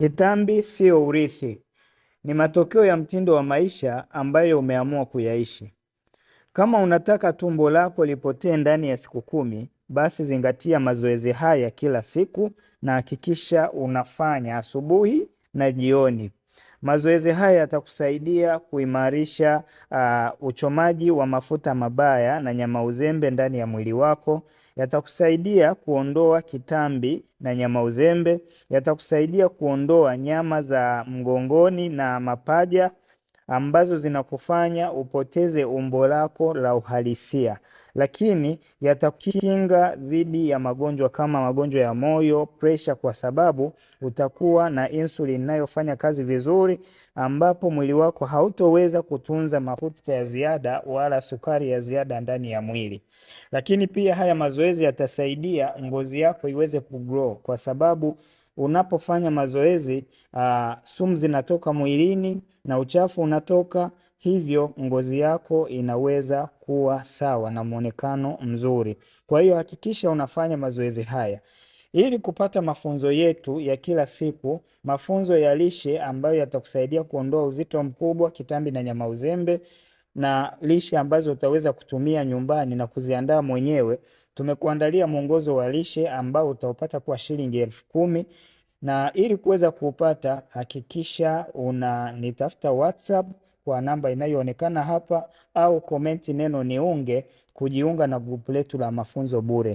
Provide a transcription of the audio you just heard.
kitambi sio urithi. Ni matokeo ya mtindo wa maisha ambayo umeamua kuyaishi. Kama unataka tumbo lako lipotee ndani ya siku kumi, basi zingatia mazoezi haya kila siku na hakikisha unafanya asubuhi na jioni. Mazoezi haya yatakusaidia kuimarisha uh, uchomaji wa mafuta mabaya na nyama uzembe ndani ya mwili wako, yatakusaidia kuondoa kitambi na nyama uzembe, yatakusaidia kuondoa nyama za mgongoni na mapaja ambazo zinakufanya upoteze umbo lako la uhalisia, lakini yatakinga dhidi ya magonjwa kama magonjwa ya moyo, presha, kwa sababu utakuwa na insulin inayofanya kazi vizuri, ambapo mwili wako hautoweza kutunza mafuta ya ziada wala sukari ya ziada ndani ya mwili. Lakini pia haya mazoezi yatasaidia ngozi yako iweze kugrow kwa sababu unapofanya mazoezi uh, sumu zinatoka mwilini na uchafu unatoka, hivyo ngozi yako inaweza kuwa sawa na mwonekano mzuri. Kwa hiyo hakikisha unafanya mazoezi haya ili kupata mafunzo yetu ya kila siku, mafunzo ya lishe ambayo yatakusaidia kuondoa uzito mkubwa, kitambi na nyama uzembe, na lishe ambazo utaweza kutumia nyumbani na kuziandaa mwenyewe. Tumekuandalia mwongozo wa lishe ambao utaupata kwa shilingi elfu kumi na ili kuweza kuupata hakikisha unanitafuta WhatsApp kwa namba inayoonekana hapa, au komenti neno niunge kujiunga na grupu letu la mafunzo bure.